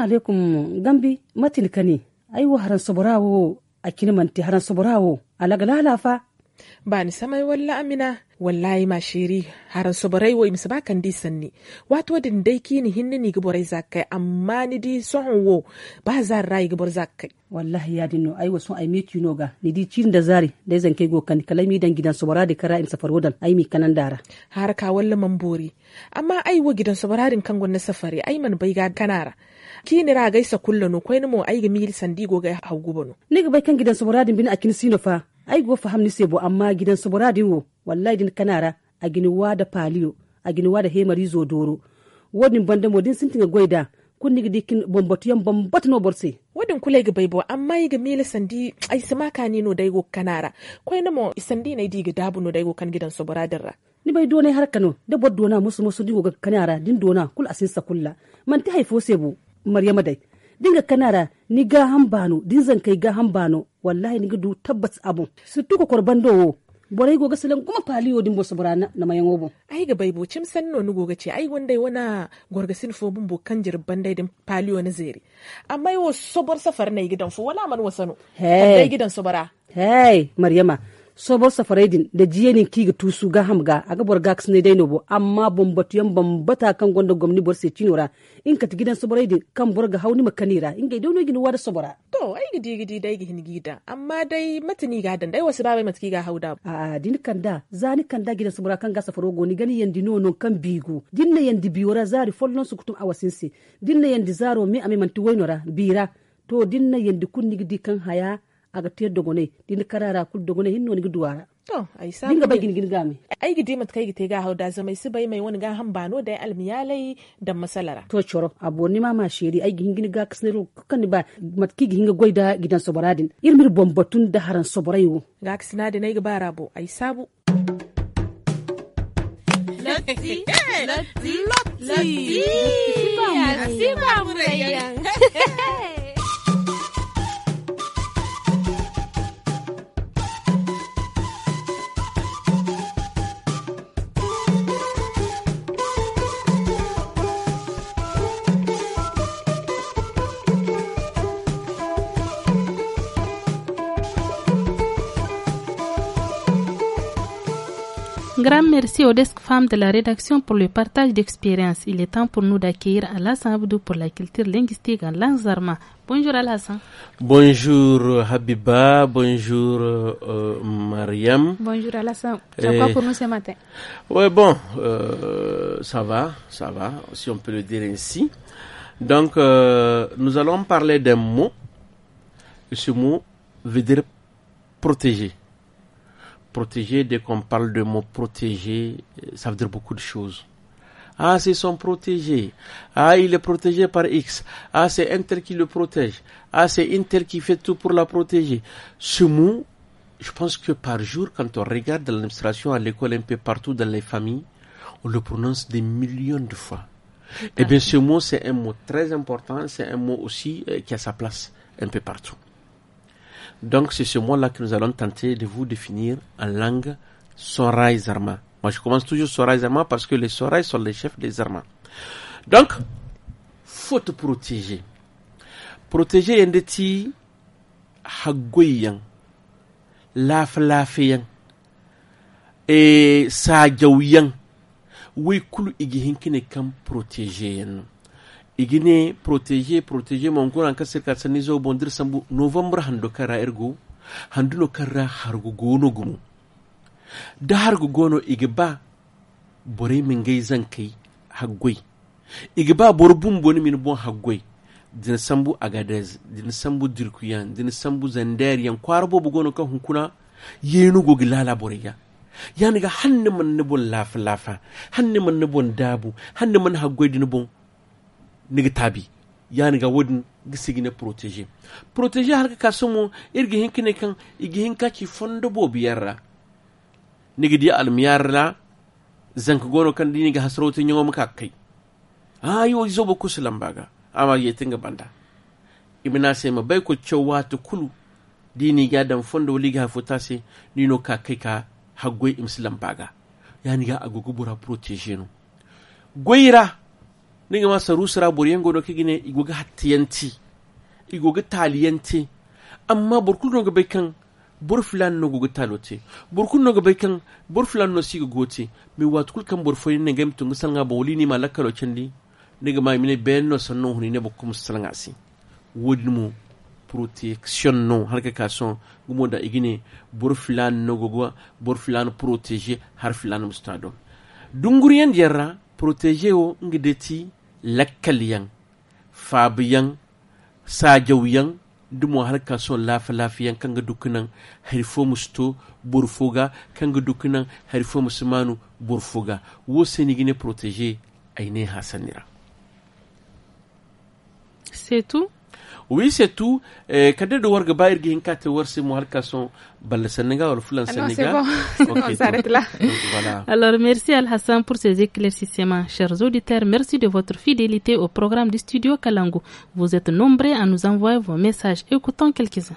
assalamu alaikum gambi matin ai wa haran soborawo a kinimanti haran soborawo alagalala fa ba ni samai walla amina wallahi ma shiri haran soborai wo imsa bakan di sanni wato din dai ni hinni ni giborai zakai amma ni di son wo ba za rai gabar zakai wallahi ya dinno wa son ai no ga ni di cin da zari dai zan kai go kan kalami dan gidan sobara da kara imsa farwodan ai mi kanan dara har ka walla mambori amma aiwa gidan sobara din kan gwanna safari ai man bai ga kanara kini ra gaisa kullano koyno mo ayga mili sandigo ga hawgubono niga bai kan gidan saboradin bin akin sino fa ai go fahamni sebo amma gidan saboradin wo wallahi din kanara a gini wada paliyo, a gini wada hemari zo doro wodin banda modin sintinga goida kunni gidi kin bombot yan bombot no borse wadin kula ga baibo amma ga mele sandi ai sama ka ni no daigo kanara koi namo sandi na diga dabu no daigo kan gidan saboradin ra. ni bai dona har kano da bod dona musu musu digo ga kanara din dona kul asin kulla man ta haifo sebo maryama dai dinga kanara ni ga hambano dinzan kai ga hambano wallahi ni gudu tabbas abun su tuka korban dowo bore goga silan kuma paliyo din bo na mayan obo ai ga baibo cim san ni goga ce ai wanda wana gorga sin fo bun kan jirban bandai din paliyo na zeri amma yo sobor safar na gidan fo wala man wasano dai gidan sobara hey maryama sobor safaredin da jiyenin kiga tusu ga hamga a gabar gax ne dai nobo amma bombatu yan bambata kan gwanda gwamni bor se cinora in ta gidan safaredin kan hau ga hauni makanira in ga dono gini wada sobora to ai gidi gidi dai gihin gida amma dai matani ga dan dai wasu babai matki ga hauda a din kan da zani kan da gidan sabora kan ga safaro goni gani yandi nono kan bigu dinna yandi biwara zari follon su kutum awasinse dinna yandi zaro mi ame mantu wainora bira to dinna yandi kunni di kan haya aga tiya dogone din karara kul dogone hinno ni duwara to ai sa dinga bagin gin game ai gidi mat kai gite ga hauda zamai su bai mai wani ga han bano da almiyalai da masalara to choro aboni ma ma shiri ai gin gin ga kasnero kan ba mat ki gin ga goida gidan soboradin irmir bombatun da haran soborayo ga kasna da nai ga barabo ai sabu Lotti, Lotti, [LAUGHS] Lotti, Lotti, Lotti, Lotti, [LAUGHS] Grand merci aux desk femmes de la rédaction pour le partage d'expérience. Il est temps pour nous d'accueillir Alassane Abdou pour la culture linguistique en langue Bonjour Alassane. Bonjour Habiba, bonjour euh, Mariam. Bonjour Alassane. ça pour nous ce matin Oui, bon, euh, ça va, ça va, si on peut le dire ainsi. Donc, euh, nous allons parler d'un mot. Ce mot veut dire protéger protégé dès qu'on parle de mot protégé euh, ça veut dire beaucoup de choses. Ah, c'est son protégé. Ah, il est protégé par X. Ah, c'est Inter qui le protège. Ah, c'est Inter qui fait tout pour la protéger. Ce mot, je pense que par jour, quand on regarde dans l'administration, à l'école, un peu partout, dans les familles, on le prononce des millions de fois. Eh bien, ce mot, c'est un mot très important, c'est un mot aussi euh, qui a sa place un peu partout. Donc c'est ce mot-là que nous allons tenter de vous définir en langue Sorai Zarma. Moi je commence toujours Sorai Zarma parce que les Sorai sont les chefs des Zarma. Donc, faut te protéger. Protéger un petit laf lafeyan et igi oui, kulu igihinkine kam protéger. igine protege protege monkuna an kasir ka sanni zo bondir sambu novembre hando kara ergo handuno kara hargo gono gumu da hargo gono igba ba bore min gai zan kai haggoi bor bum boni min bon haggoi din sambu agadez din sambu dirkuyan din sambu zandariyan kwarbo bu gono ka hunkuna yenu gogi lala ya yani ga hanne man ne bon lafa lafa hanne man ne bon dabu hanne man haggoi din bon niga taabi yaniga wadin gisigine protéger protéger halka kasumo irga ne kan igi ci fondo bo biyarra niga di almiyarra zanka gono kan diniga hasrote nyongo maka kai ayo ah, izobo kusulambaga ama yetinga banda ibna ma, bai ko cewa ta kulu dini ga dan fondo liga hafuta se nino ka kai ka imsi lambaga yaniga agugu bura protéger no goyira niŋ ma saru sira boriyen godo kigine igo ga hatiyanti igo ga taliyanti amma borkul no ga bai kan bor no ga talote borkul no ga bai kan bor no siga gote mi watkul kan burfoyi foyin ne gam tungu salnga ba wuli ni ma lakkalo cendi ne ga ma mine ben no sanno huni ne bokkum salnga si wodmu protection no har ka kason gumo da igine bor no gogo bor fulan protéger har filan mustado dunguriyan yarra protéger o ngideti lakkal Fabiang faabu yan saajaw dumo halkan so lafa kanga dukunan musto burfuga kanga dukunan harifo burfuga wo senigine protéger aine hasanira c'est tout oui c'est tout alors merci al hassan pour ces éclaircissements chers auditeurs merci de votre fidélité au programme du studio kalangu vous êtes nombreux à nous envoyer vos messages écoutons quelques-uns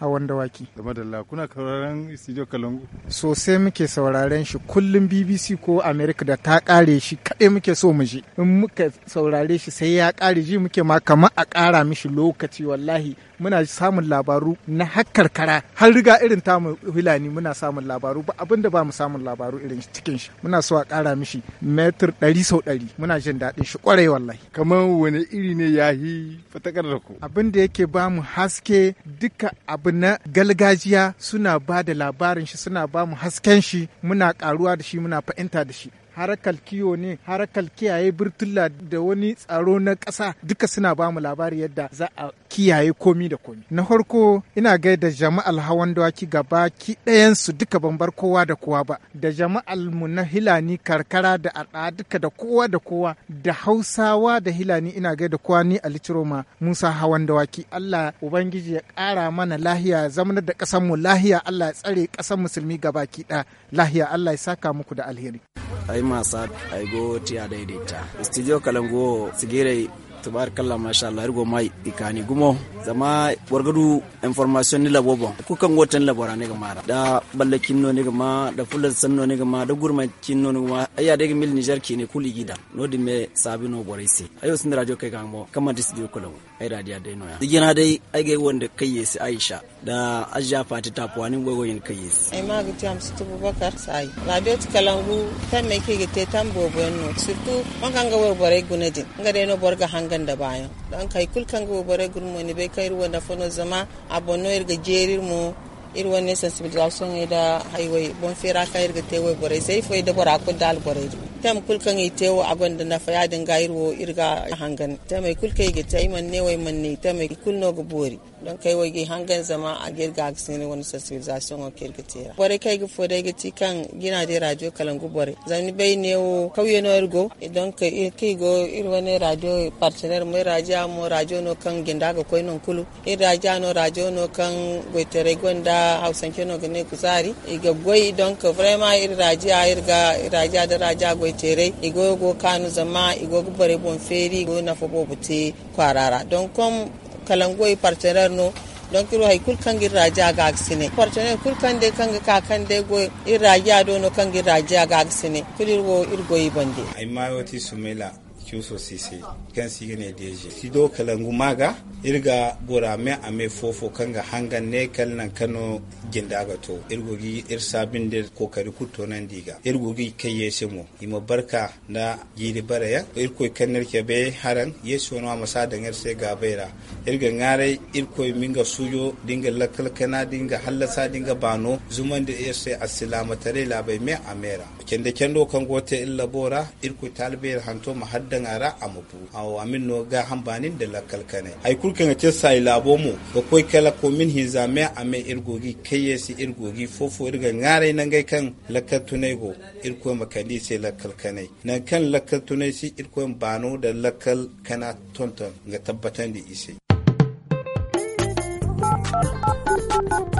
hawan dawaki. Game da kuna sauraron Studio Kalangu? Sosai muke sauraren shi kullum BBC ko America da ta kare shi kaɗai muke so mu ji. In muka saurare shi sai ya kare ji muke ma kamar a ƙara mishi lokaci wallahi muna samun labaru na hakkar kara har riga irin tamu hulani muna samun labaru ba abinda ba mu samun labaru irin cikin shi muna so a kara mishi metir ɗari sau ɗari muna jin daɗin shi ƙwarai wallahi. Kamar wani iri ne ya yi fatakar da ku? Abin da yake ba mu haske duka abin abu na galgajiya suna ba da labarin shi suna ba mu hasken shi muna karuwa da shi muna fa'inta da shi harakar kiyo ne harakar kiyaye birtula da wani tsaro na ƙasa duka suna ba mu labari yadda za a kiyaye komi da komi na farko ina gaida jama'al hawan dawaki gaba ki ɗayansu duka bambar kowa da kowa ba da jama'al mu na hilani karkara da aɗa duka da kowa da kowa da hausawa da hilani ina gaida kowa ni ciroma musa hawan dawaki allah ubangiji ya ƙara mana lahiya zamanar da ƙasar mu lahiya allah ya tsare ƙasar musulmi gaba ki ɗaya lahiya allah ya saka muku da alheri ai masa ai go tiya daidaita studio kalango sigire tubar kala masha Allah rigo mai ikani gumo zama wargadu information ni labo bon ku kan gotan labora ne gama da ballakin no ne gama da fulan san no ne gama da gurmakin no ne gama ayya da mil Niger ki ne kuli gida no di me sabi no boraisi ayo sun radio kai gamo mo kama dis di kulawo ai radio dai no ya digina dai ai ga wanda kai yesi Aisha da ajja Fati tapuwa ni gogoyin kai yesi ai ma ga jam su tubu bakar sai radio kalangu tan me ke gite tan bobo no surtout man kan ga wor borai gunadin ga dai no ga hang kan da bayan dan kai kulkan kan bare gurmo ne bai kai ruwa da fono zama abono irga jerir mo ir wani ya da haiwai bon fera kai irga tewai bare sai fai da bara ko bare tem kulkan yi itewo da na fayadin gairwo irga hangan ta mai kulka yi ta iman ne wai man ne ta mai kulno ga bori don kai wai gi hangan zama a girga aksini wani sensibilisation wa kirga tera bore kai ga foda ga ti kan gina da radio kalangu bore zani bai ne wo kauye na irgo don kai go go irwane radio partner mai radio mu radio no kan ginda ga koi non kulu in radio no radio no kan goitere gwanda hausanke no ga ne kuzari iga goi don ka vraiment ir radio irga radio da radio tere igo go kanu zama igo go bare bon feri go na fo bo bute kwarara Don kom comme kalangoi partenaire no don iro hay kul kangi raja ga aksine partenaire kul kande kangi ka kande go ir raja do no kangi raja ga aksine kul irgo irgo ibande ay mayoti sumela kiuso sise kan sigine deje do kalangu maga irga bora me ame fofo kanga hanga ne nan kano gindaga to irgogi ir sabin der kokari kutto nan diga irgogi kai yese mu barka na yiri baraya irko kanner ke be haran yeso no masa da ngar se gabaira irga ngare irko minga suyo dinga lakal kana dinga hallasa dinga bano zuman da er yese assalamu tare labai me amera kende kendo gote illa bora irko talbe er hanto mahadda ngara amutu aw amin no ga hambanin da lakal kane ay kurkan ce sai labo mu ga koi kala ko min hizame me irgogi kayesi irgogi fofo irga ngare nan gai kan lakal tunai go irko makandi sai lakal kane Na kan lakal tunai si irko bano da lakal kana tonton ga tabbatan da isai Thank you.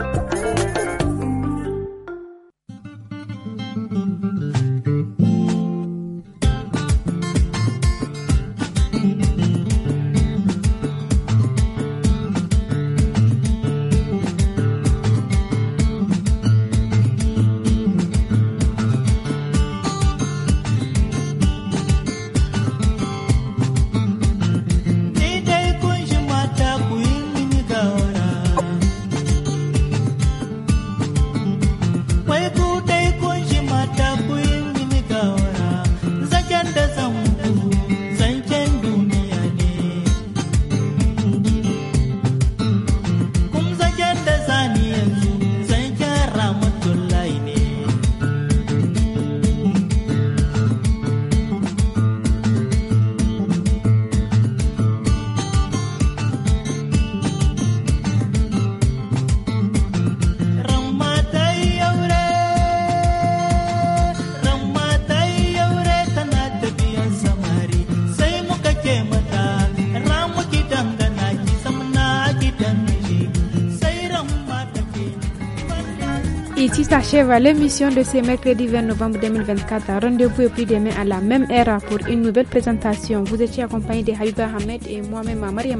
s'achève l'émission de ce mercredi 20 novembre 2024. Rendez-vous et puis demain à la même heure pour une nouvelle présentation. Vous étiez accompagné de Habiba Hamed et moi-même Maria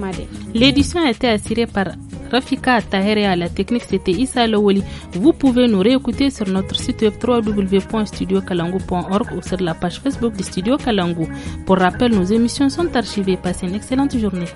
L'édition a été assurée par Rafika Tahere à la technique, c'était Issa Lowoli. Vous pouvez nous réécouter sur notre site web www.studiocalango.org ou sur la page Facebook du Studio Kalangu. Pour rappel, nos émissions sont archivées. Passez une excellente journée.